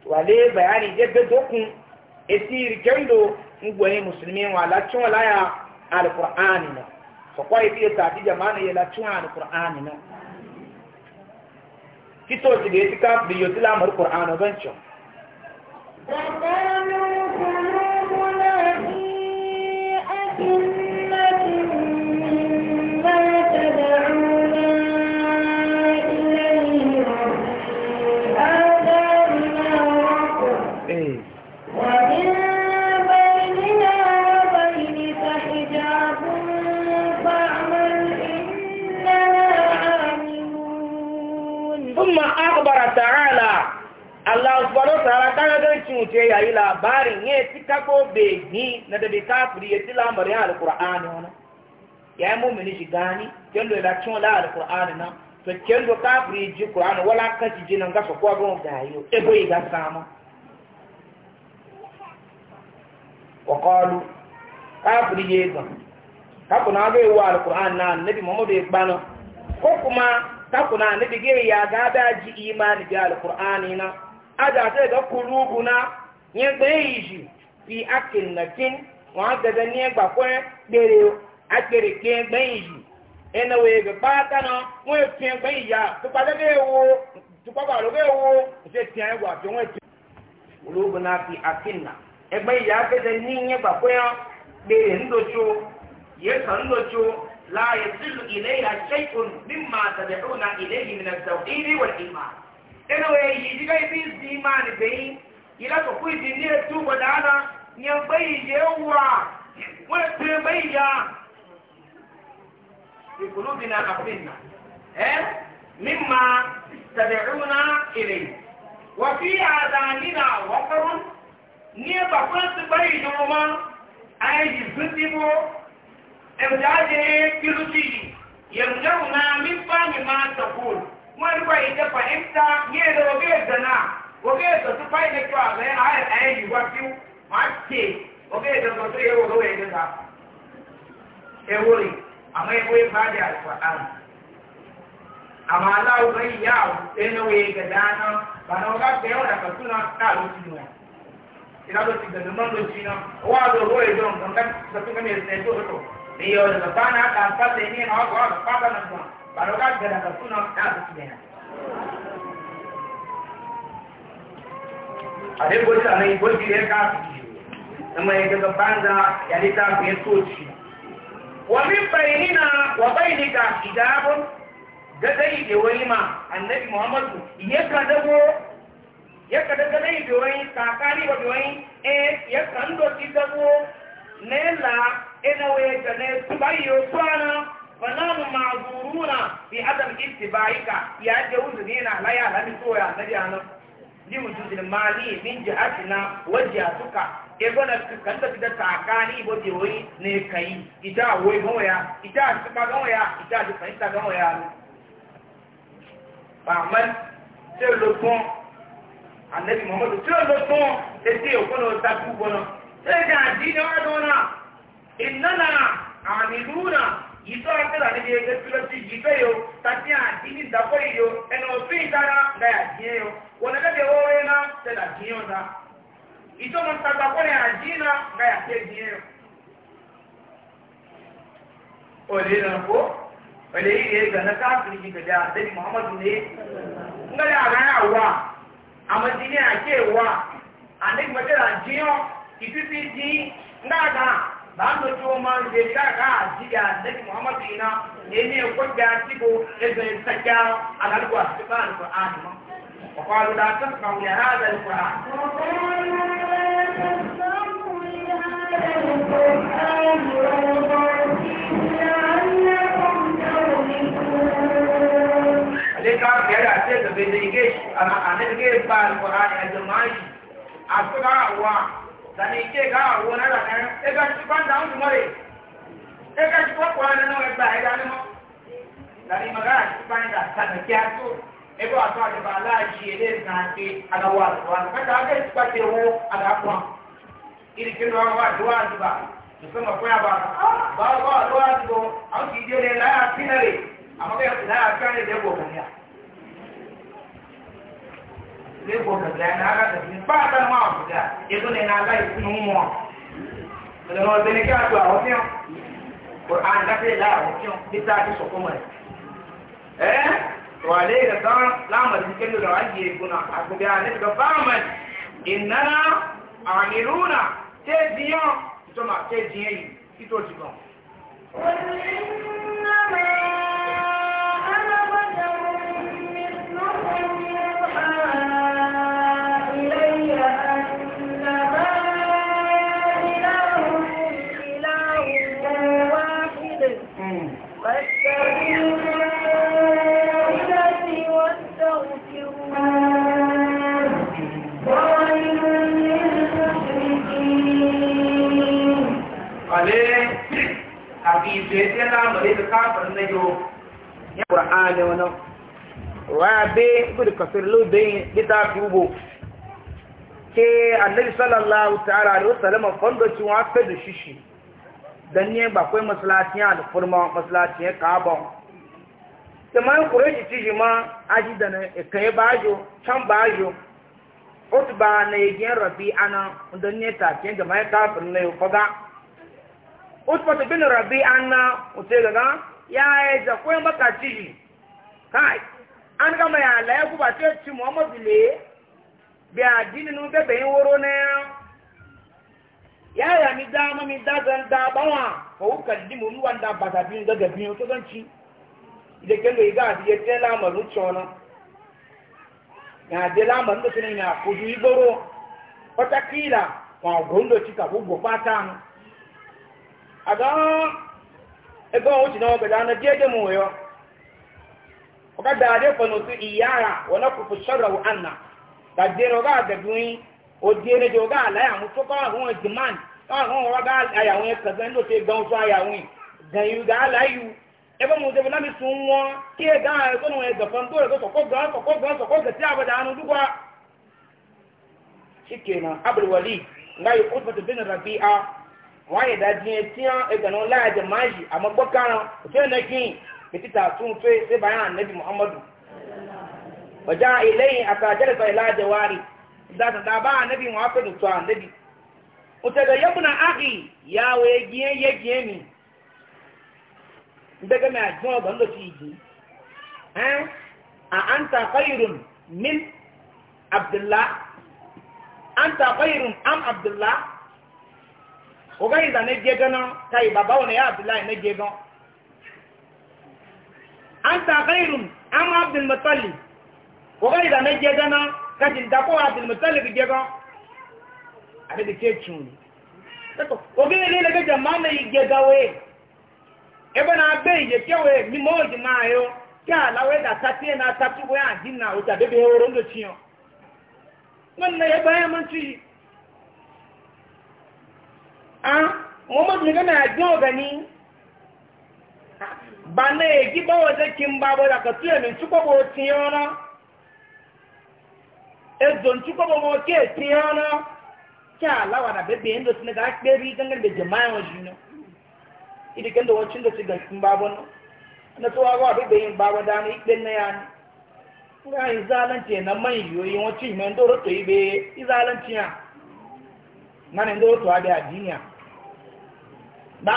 wale bayani jebe dokun eti rikendo ngwani musulmi wa la tun la ya na so kwa eti ta ti ya la tun alqur'ani na kito ti de ti ka bi yo ti mutu ya yi labarin ya ci kako begi na da bai ya ci lamarin alkur'ani wani ya yi mummuni shi gani kendo da cin wala alkur'ani to kendo kafiri ji kur'ani wala kashi ji nan gasa kuwa gon gayo ebo yi ga wa ye gan kako na ga yi alkur'ani na annabi muhammadu ya gbano ko kuma kako na ya ji imani ga alkur'ani na ase ga kulubuna nye beiji fi akin nakin wa daga ne gba kwe dere akere ke iji ena we ga bata na mo ke beija to pa daga wo to pa ba lo ga wo se ti an won fi akin na e beija ke de ni nye gba kwe ye ina wa yi ji ga bi zi yi ni da na ni ba yi wa wa te ya bi qulubina aqfinna eh mimma tad'una ilayhi wa fi adanina waqrun ni ba ko ti ba yi jo ma ai ji zuti mo e ja ma wọ́n gba ìjẹ fàyíntà yé lọ oge ìdènà oge ìdòtú fáyìntì tó àgbẹ̀ ayé ayé yìí wá fíw máa tè oge ìdòtú tó yẹ wọ́n lọ́wọ́ ẹ̀dẹ́ ta ewúrẹ́ àmọ́ ewúrẹ́ ìbáde àlùfà ya àmọ́ aláwọ̀ bá yìí yá àwọ̀ ẹnu wẹ̀ gẹ̀dá náà bàtà ọ̀gá fẹ́ ọ̀dà náà ti nù ìlànà ti gbẹ̀dẹ̀ mọ́ àlọ́ owó nǹkan ẹ̀sìn ẹ̀dọ́ ọ̀dọ̀ baroka gara da suna ta su kenan a dai gosi a nan gosi da ya kasu amma ya daga banza ya littafi ya soci wa min bainina wa bainika hijabun gadai da wani ma annabi muhammadu ya kadabo ya kadabo da yi da wani kakari wa da wani eh ya kando ki dabo nela ina waye ga ne tubayo tsana fananu ma'zuruna fi adam ittiba'ika ya ce wuzu ne na la ya lami soya na jana li wujudil mali min ji waje jihatina wajhatuka e gona kan da fita takani bo je wai ne kai ita wai goya ita suka goya ita ji fahimta goya ba man sai lokon annabi muhammadu sai lokon sai ce ko no ta ku gona sai ga dinawa dona innana amiluna iso akela ni ye kilo ti jipe yo tati a dini dafo yo eno fi dara da ya die yo wona ka de wore na te da die yo da iso mon ta ba kone a dina ga ya te die yo ole na ko ole yi ye ga na ka fri ki da de muhammad ne ngale a ga ya wa amadini a ke wa ane mo te da die yo ipipi di báwo tí wọ́n máa ń ṣe ṣáàká àjíjà lẹ́nu muhammadu iná èmi ẹ̀kọ́ gbé àtìbò ẹgbẹ́ ìtajà alárùkọ àti báàlù kọ àdìmọ́ ọ̀pọ̀ àlùdà àtọ́sùkà wọlé ààrẹ lùkọ à. Aleka bẹ̀rẹ̀ àti ẹ̀sẹ̀ ìgé àmà àdẹ́gẹ́ báàlù kọ àdìmọ́ àyè àtúrà wà sani ike ga awo na la kan e ga ti ban da un mo re e ga ti ko kwa na no e ba e ga ni sani ma ti ban da ta da kya e to e ba to de ba la ji ele na ti aga wa wa ka ta ga ti pa te wo aga kwa iri ke no wa do wa ba to so ma ko ya ba ba ba do wa do an ti je le la ya ti na re amma ga la ya kan le go ko ya zai boka da na haka da ba a san ma ku da yazo ne na Allah ya kunu mu da no da ne ka to a wajen Qur'an da kai la wajen bita ki so kuma eh wa le da san la ma cikin da wani kuna a ku da ne ga faman innana amiluna te diyo to ma te diyi ito jikon qur'ani wannan rabe gudu kasir lubin gida kubo ke annabi sallallahu ta'ala alaihi wasallam fondo ci wa fe du shishi dan ne ba koi masalati ya alfurma masalati ya kaaba tamam kureji ci jima aji da ne kai bajo can bajo utba ne yin rabi ana rabi ana utegaga ya ya kai an gama ya ala ya ba ce ci muhammadu ne biya dini nun ga bayin woro ne ya ya mi da ma mi da zan da bawa ko kalli mun wanda ba ta bin ga gabin to zan ci idan kan ga ga ya tela chona ya de la man da ya ku ju igoro wata kila wa gondo ci ka pata aga ego o ti na be da na je de mu oga daade fanotu iyara wala kufu sharrahu anna ta dere oga gadun o dere de oga ya mutu ko àwọn demand ko àwọn oga aya won kazan lo te ga ala ebe mu sun e ga ko no e ga fan to ko ti e fitita tun fe sai bayan annabi muhammadu wajen ilayi a tajar sa ila jawari za ta daba annabi muhammadu to annabi uta ga yabna aki ya waye giye ya giye mi daga mai ajiyar bando ci gi a an ta khairun min abdullah an ta khairun am abdullah ko ga izane gegana kai baba wani ya abdullah ne gana. أنت غير أم عبد المطلب وغير ما جدنا كجن دقوا ga المطلب جدا أبدا كيتشون وغير ليلة جمامة يجدوي ebe na ma yo ke ala we da na tati we a di na oja bebe horo ndo chiyo na ya baya mun ci a muhammadu ne gana ya ji ba na egi ba waje kin ba ba da ka tuye min ci kwabo tiyo na ezo ci kwabo mo ke tiyo ki na bebe yin dosi na ga akperi gangan jama'a wa shi ne idi kan da ga kin ba na na tsawa ga yin ba ba da ikpe na ya ni ga yi na to a duniya ba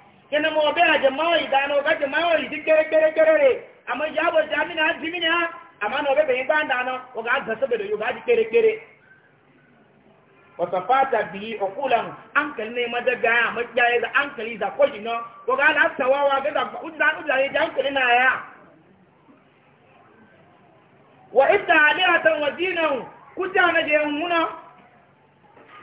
kene mo be aje mawo idano ga je mawo idi kere kere kere re ama ya bo ja mi na ji mi na ama no be be di kere kere wa tafata bi uqulan ankal ne madaga ma jaye da ankali za ko jino ko ga la tawawa ga da wa idda aliyatan wa dinan kujana je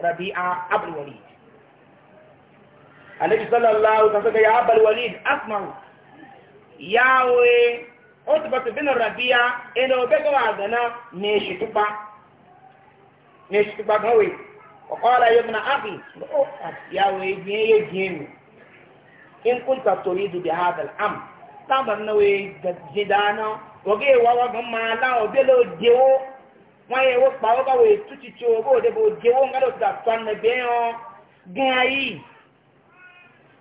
rabi'a abul walid alaihi sallallahu ta saka ya abul walid asma'u yawe utbatu bin rabi'a ina obega wa gana ne shi tuba ne shi tuba gawe wa qala ya ibn abi yawe biye ye gemu in kunta turidu bi hadha al-am tabanna we jidana wage wawa gamma la obelo dewo wọ́n yẹ wọ́n pa wọ́n bá wọ́n ètú títí o bó dé bó dé wọ́n gádọ̀ tó dàtọ́ ànàbẹ́ yẹn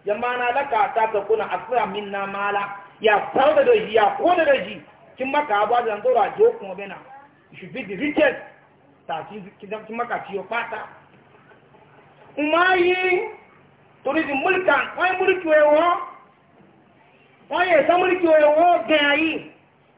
gún na laka na maala ya fara da ji ya kona da ji kin maka abuwa da zandora a you should be the richest ta kin maka ciyo fata yi torí di mulka wọ́n yẹ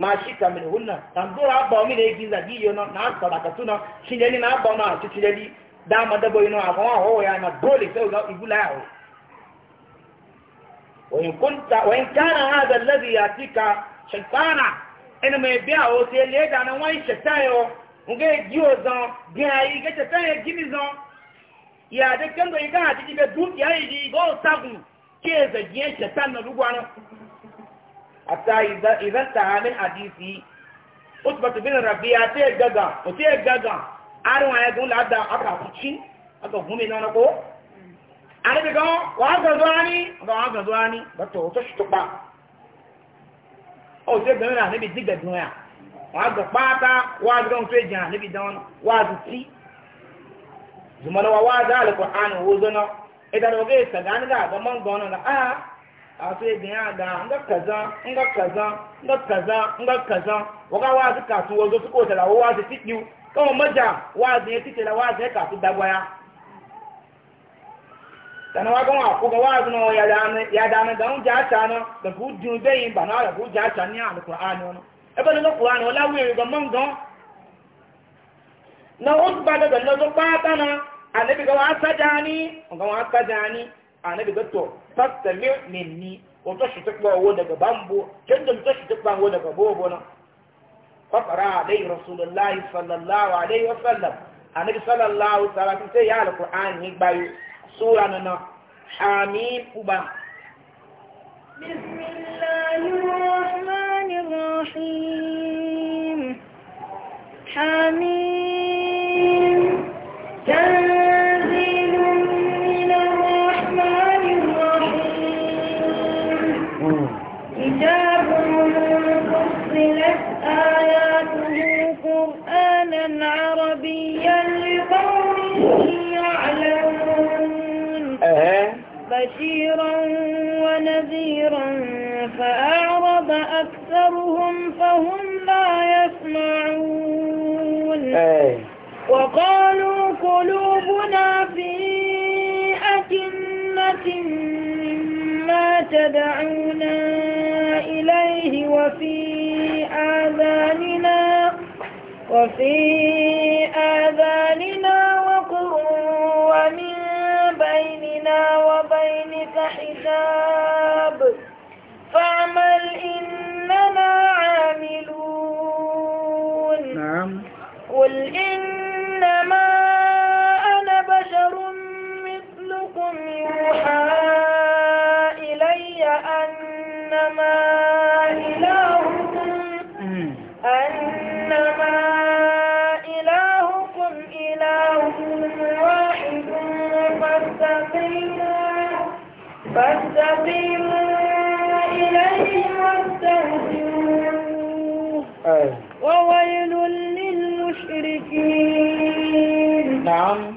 ma shi ta min hunna tan dora abba mi ne giza gi yo no na sara ka tuna shi ne na abba na ti ti le da ma ya na dole sai ga igula ya ho wa in kunta wa in kana hada alladhi yatika shaytana ina mai biya o sai le da na wai shaytayo nge gi o zan bi ayi ge shaytayo gimi zan ya de kango iga ti na ata idan ta hannun hadisi utbatu bin rabia ta yi gaga mutu ya e gaga ya e gun lada aka kuci aka gumi na nako a nabi gan wa ga zuwa e ni ga wa ga ni ba ta wata shi o sai gami na nabi ah, diga duniya wa ga pata wa ga gan sai wa ga ti zumana wa wa wo idan ta ga ga na a ato ebien ada nga kaza nga kaza nga kaza nga kaza waka wazi kasu wozo suko tala wazi tikiu kama maja wazi yeti tala wazi tana wa ya dana na uzba da no ba annabi ga to fastami minni wato shi ta kwawo daga bambo can da mutu shi ta kwawo daga bobo na fafara alaihi rasulullahi sallallahu alaihi wasallam annabi sallallahu alaihi sai ya alqur'ani ya gbayo sura na na hamim uba bismillahir hamim إيه. وقالوا قلوبنا في أكنة مما تدعونا إليه وفي آذاننا وفي آذاننا وقر ومن بيننا وبينك حجاب قل إنما أنا بشر مثلكم يوحى إلي أنما إلهكم أنما إلهكم إله واحد فاستقيموا فاستقيموا إليه واستغفروه آه. وويل المشركين نعم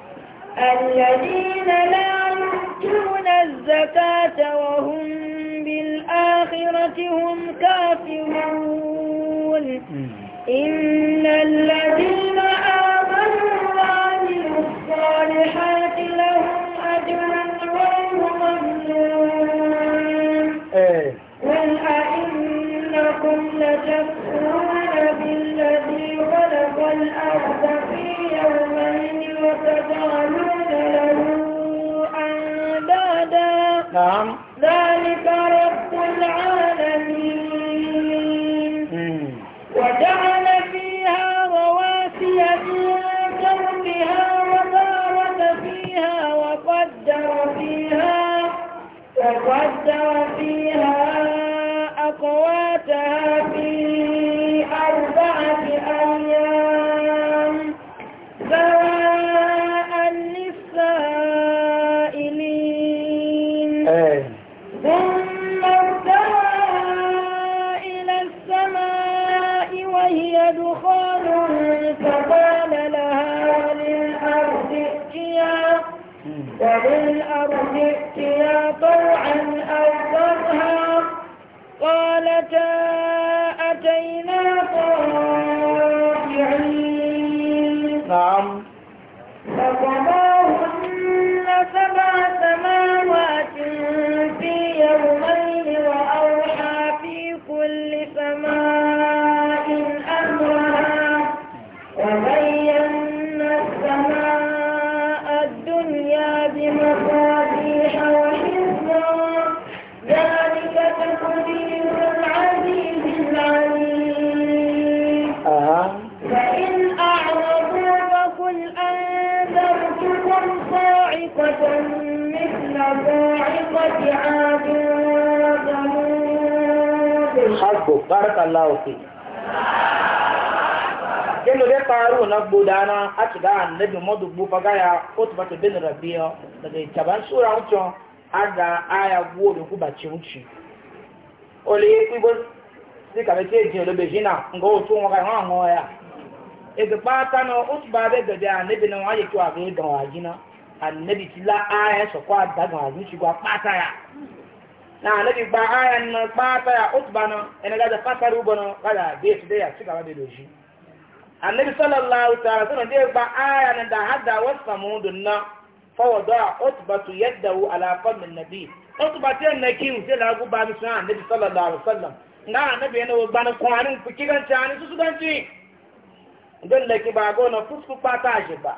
الذين لا يؤتون الزكاة وهم بالآخرة هم كافرون إن مثل صاعقة عاد ثمود حسبك بارك الله فيك kelo de faru na gbodana a ti ga annabi modu gbufa gaya otubatu bin rabiya daga taban sura wucin a ga ya ka eji otu ya na annabi ti la aya sọ̀kọ́ àdága àdún ṣùgbọ́n pátá na anabi gba aya na pata ya utba na ina gaza fasari ubo na gaza bai su dai ya ci gaba da doshi annabi sallallahu ta'ala suna dai gba aya na da hada wasa mudun na fawada utba tu yadda wu ala fadlin nabi utba ta na ki sai la guba mi suna annabi sallallahu alaihi wasallam na annabi yana gba na kwanin fikigan ci ani su su ganci don da ki ba go na fusku pata shi ba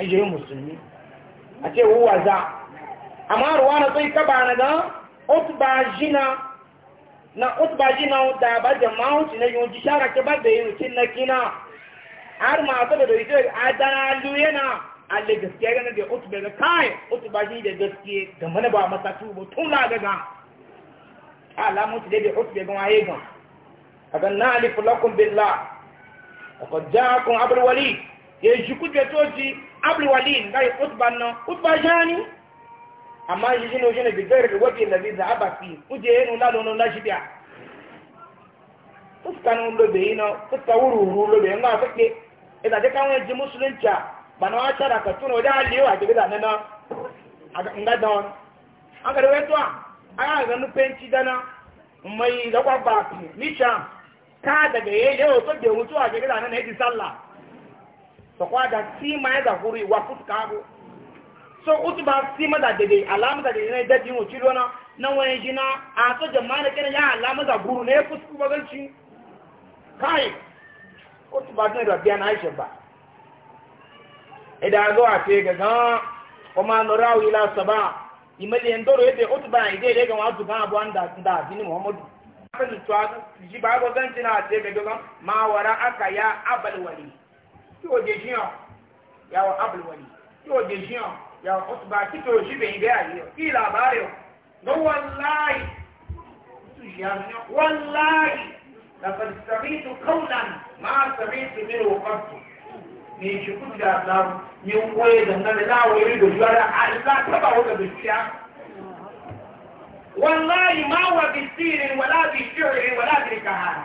ajiye musulmi a ce wuwa za amma ruwa na sai kaba na ga utba jina na utba jina da ba jama'u ci na yi ji shara ke ba da yi cin na kina har ma da da ita a dana luyana alle gaskiya gana da utba ga kai utba ji da gaskiya ga mana ba masa tubo tun la ga ga alamu ci da utba ga waye ga na alifu lakum billah laqad ja'akum abul walid ya shi kuje toji abulwalin gari utba na utba jani amma shi shi ne shi ne bigar wabi abafi uje yanu lalonon lashi biya fuska nun yi na fuska wururu lobe yin ba fuske ita kan ji musulunci ba na wata da ka tuna wajen aliyu a jirga na na nga da an ganu penci dana mai da kwa nisha ka daga yi lewa jirga na na yi sọkwa da tima ya da huru wa futu ka abu so utu ba tima da dede alama da dede na da ji lona na wani jina a so jama'a na ya alama da guru ne futu kuma galci kai utu ba tun rabbiya na aisha ba idan e zo a ce ga gan kuma nurawi ila saba imali ndoro yadda utu ba ide da ga wasu kan abu an da da dini muhammadu kan tuwa ji ga ganci na ce ga ma wara aka ya abal wali tí o jẹ ṣíyàn yàwó abúlwọlì tí o jẹ ṣíyàn yàwó ọtúbà kí tó o ṣíbẹ̀ ìgbé àyè ọ kí ìlà àbárẹ̀ ọ lọ wọn láàyè tù ṣe àná wọn láàyè làbàlì sàmìtù kọ́ńdàn máa sàmìtù mi ò kọ́tù ní ìṣubú ti àtàrù ní wọ́n yẹ dandanlẹ̀ láwọn eré ìdòjú ara àìsá tábà wọ́n gbẹ̀dọ̀ ṣíà. wọn láàyè máa wà bí sírin wọlá bí ṣírin wọlá bí kàhárà.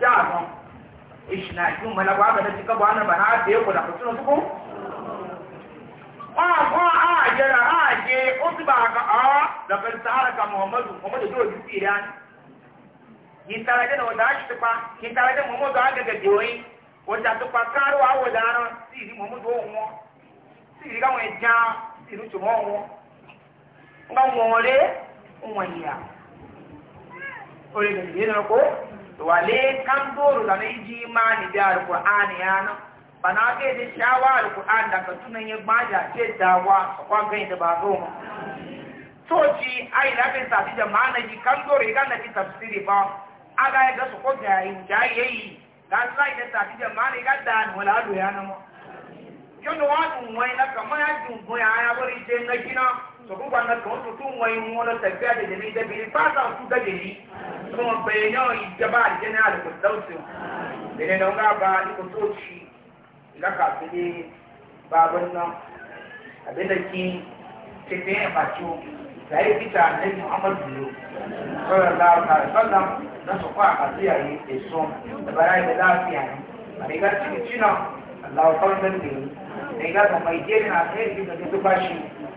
jaano ishina ki mana ba ga da ba na bana da yau da kusa su ko ma a jira a je utba ga a da kan tsara ka muhammadu kuma da dole ji ya ni ni tare da wanda shi ta ni tare da muhammadu ga ga doyi wanda ta pa karo a wanda ran siri muhammadu won siri ga won ja siri tumo won ngam won le won ya ore ga ni na ko wale kan doro da nai ji imani da alkur'ani ya nan ba na ga yi shawa da ka tunan ya gbaja ce dawa a da ba zo ma soci ai na bin sabi da mana ji kan doro ya na tafsiri ba a ga ya su ko ga yi ya yi ga sai da sabi da mana ga da wala do ya na ma yau da wani na kamar ya ko ya ya bari je na gina sọ̀kún gba na kàn tó tún wọ́n yín wọn lọ tẹ̀gbẹ́ àjẹjẹ ní ìjẹ́bi ní fáta ọ̀tún gbẹ̀jẹ̀ yìí tó wọn pè é náà ìjọba àjẹjẹ náà lè kò dáwùsì o lẹ́yìn náà ńgá ba ikú tó tì ìlàkà àfẹ́lẹ́ bàbá náà àbẹ́lẹ̀ kí tètè ẹ̀ bàtí o láyé peter àlẹ́ muhammadu lò sọ̀rọ̀ láàbà sọ́nà náà sọ̀kọ́ àbàtì àyè èso ìbára ìbẹ̀ láàfin àyè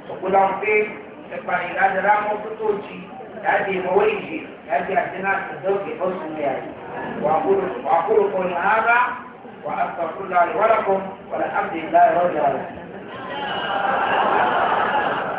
su kula mfe ta kwari na da ramar fitoci ya ce mawai shi ya ce a jina ta dauke wasu da yayi wa kuru ko ni haza wa astagfirullah wa lakum wa alhamdulillah rabbil alamin